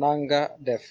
nanga def.